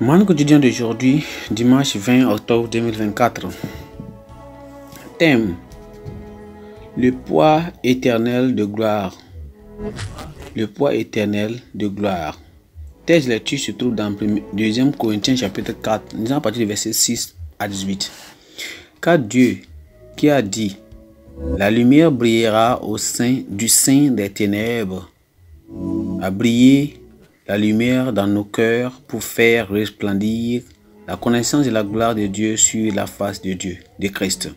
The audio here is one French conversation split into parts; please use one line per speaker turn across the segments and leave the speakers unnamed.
Mon quotidien d'aujourd'hui, dimanche 20 octobre 2024. Thème Le poids éternel de gloire. Le poids éternel de gloire. Thèse lecture se trouve dans 2 Corinthiens chapitre 4, nous à partir du verset 6 à 18. Car Dieu qui a dit La lumière brillera au sein du sein des ténèbres, a brillé la lumière dans nos cœurs pour faire resplendir la connaissance de la gloire de Dieu sur la face de Dieu, de Christ.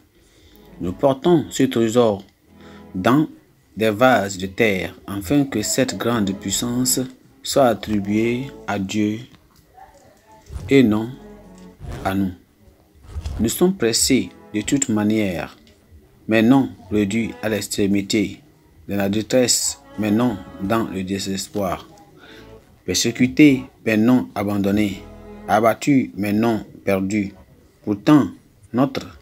Nous portons ce trésor dans des vases de terre afin que cette grande puissance soit attribuée à Dieu et non à nous. Nous sommes pressés de toute manière, mais non réduits à l'extrémité, de la détresse, mais non dans le désespoir persécuté, mais non abandonné, abattu, mais non perdu. Pourtant, notre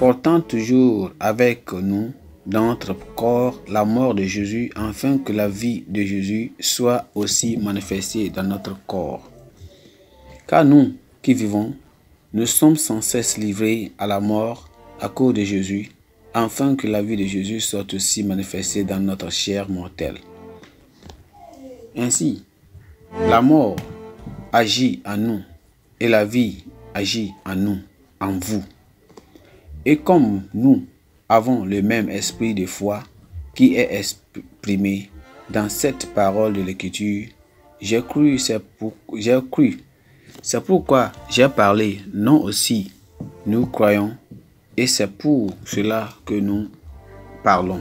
portant toujours avec nous dans notre corps la mort de Jésus, afin que la vie de Jésus soit aussi manifestée dans notre corps. Car nous qui vivons, nous sommes sans cesse livrés à la mort à cause de Jésus, afin que la vie de Jésus soit aussi manifestée dans notre chair mortelle. Ainsi, la mort agit en nous et la vie agit en nous, en vous. Et comme nous avons le même esprit de foi qui est exprimé dans cette parole de l'Écriture, j'ai cru, c'est pour, cru. C'est pourquoi j'ai parlé, non aussi, nous croyons, et c'est pour cela que nous parlons.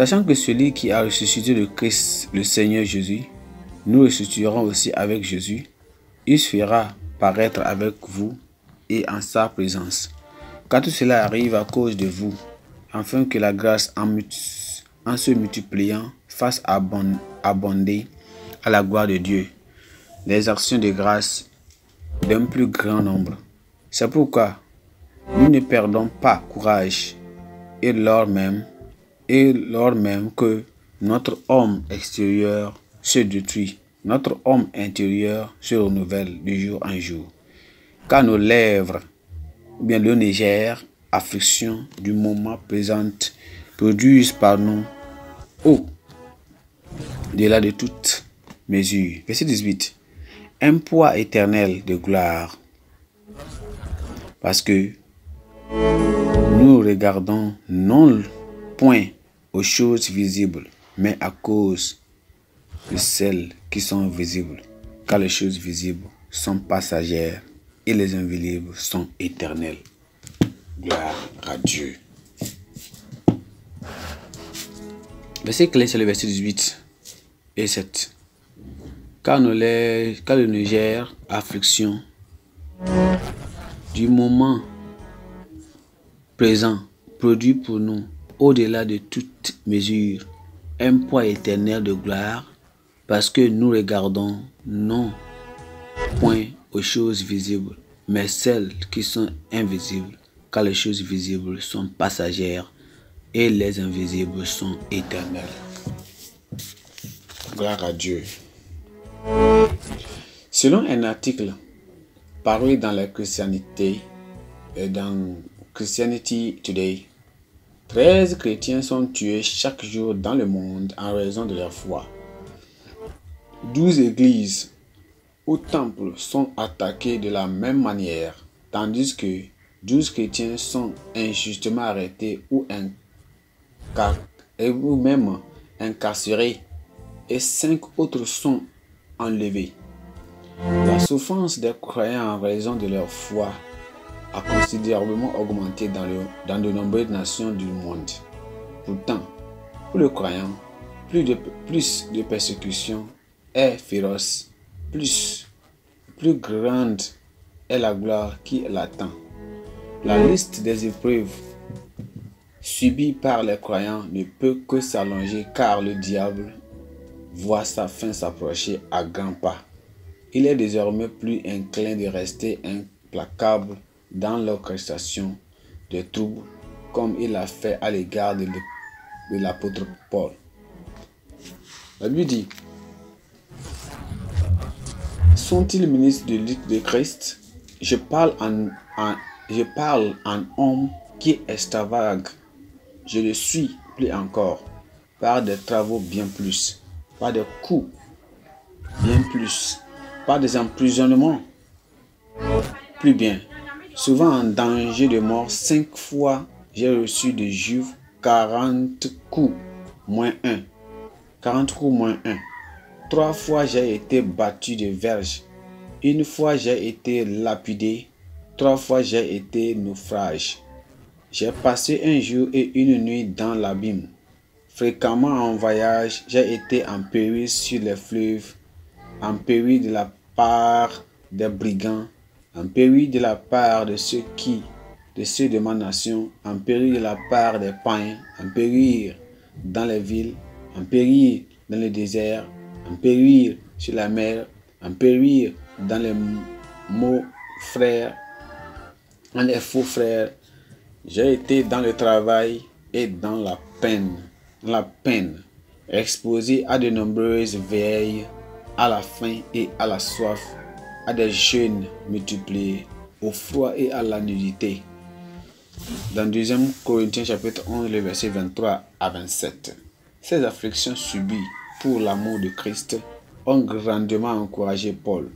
Sachant que celui qui a ressuscité le Christ, le Seigneur Jésus, nous ressusciterons aussi avec Jésus. Il se fera paraître avec vous et en sa présence. Quand tout cela arrive à cause de vous, afin que la grâce en, se multipliant fasse abonder à la gloire de Dieu les actions de grâce d'un plus grand nombre. C'est pourquoi nous ne perdons pas courage et lors même et lors même que notre homme extérieur se détruit, notre homme intérieur se renouvelle de jour en jour. Car nos lèvres, bien le légère affection du moment présent, produisent par nous au delà de toute mesure. Verset 18. Un poids éternel de gloire. Parce que nous regardons non le point aux choses visibles, mais à cause de celles qui sont visibles, car les choses visibles sont passagères et les invisibles sont éternels. Gloire à Dieu. Verset clé, c'est le verset 18 et 7. Car, car le Niger, affliction, du moment présent, produit pour nous au-delà de toute mesure, un poids éternel de gloire, parce que nous regardons non point aux choses visibles, mais celles qui sont invisibles, car les choses visibles sont passagères et les invisibles sont éternelles. Gloire à Dieu. Selon un article paru dans la Christianité, dans Christianity Today, 13 chrétiens sont tués chaque jour dans le monde en raison de leur foi. 12 églises ou temples sont attaqués de la même manière, tandis que 12 chrétiens sont injustement arrêtés ou, même incarcérés et 5 autres sont enlevés. La souffrance des croyants en raison de leur foi a considérablement augmenté dans, le, dans de nombreuses nations du monde. Pourtant, pour le croyant, plus de, plus de persécution est féroce, plus, plus grande est la gloire qui l'attend. La liste des épreuves subies par les croyants ne peut que s'allonger car le diable voit sa fin s'approcher à grands pas. Il est désormais plus inclin de rester implacable dans l'orchestration de troubles comme il l'a fait à l'égard de l'apôtre Paul. La lui dit, sont-ils ministres de lutte de Christ je parle en, je parle en homme qui est stavague. Je le suis plus encore par des travaux bien plus, par des coups bien plus, par des emprisonnements plus bien, souvent en danger de mort. Cinq fois, j'ai reçu de Juve 40 coups, moins un. 40 coups moins un. Trois fois, j'ai été battu de verge. Une fois, j'ai été lapidé. Trois fois, j'ai été naufrage. J'ai passé un jour et une nuit dans l'abîme. Fréquemment en voyage, j'ai été en péril sur les fleuves, en péril de la part des brigands, en péril de la part de ceux qui, de ceux de ma nation, en péril de la part des païens, en périr dans les villes, en péril dans les déserts, en péril sur la mer, en péril dans les mots frères, dans les faux frères. J'ai été dans le travail et dans la peine, la peine, exposé à de nombreuses veilles, à la faim et à la soif, à des jeûnes multipliés, au froid et à la nudité. Dans 2 Corinthiens chapitre 11, les versets 23 à 27, ces afflictions subies pour l'amour de Christ ont grandement encouragé Paul.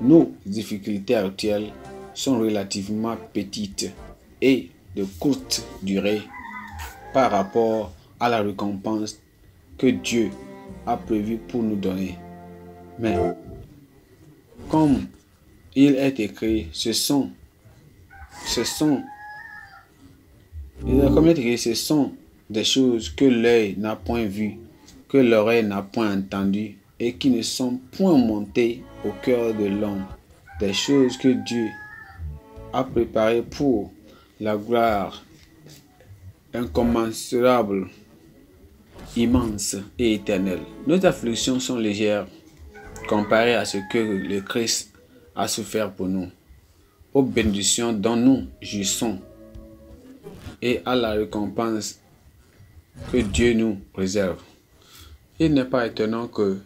Nos difficultés actuelles sont relativement petites et de courte durée par rapport à la récompense que Dieu a prévue pour nous donner. Mais comme il est écrit, ce sont, ce sont, ce sont des choses que l'œil n'a point vues, que l'oreille n'a point entendues et qui ne sont point montées au cœur de l'homme, des choses que Dieu a préparées pour la gloire incommensurable, immense et éternelle. Nos afflictions sont légères comparé à ce que le Christ a souffert pour nous, aux bénédictions dont nous jouissons et à la récompense que Dieu nous réserve. Il n'est pas étonnant que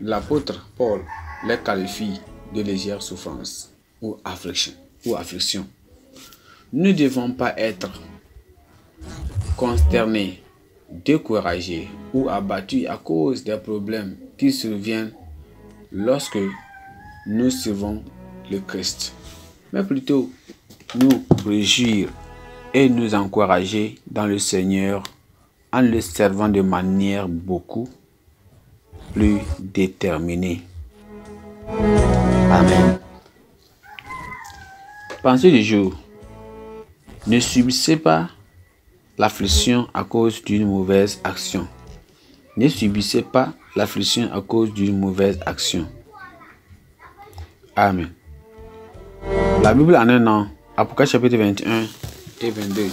l'apôtre Paul les qualifie de légères souffrances ou afflictions. Nous ne devons pas être consternés, découragés ou abattus à cause des problèmes qui surviennent lorsque nous suivons le Christ, mais plutôt nous réjouir et nous encourager dans le Seigneur en le servant de manière beaucoup plus déterminée. Amen. Pensez du jour. Ne subissez pas l'affliction à cause d'une mauvaise action. Ne subissez pas l'affliction à cause d'une mauvaise action. Amen. La Bible en un an, Apocalypse chapitre 21 et 22.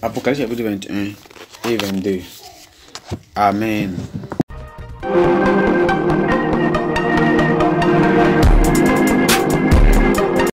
Apocalypse chapitre 21 et 22. Amen.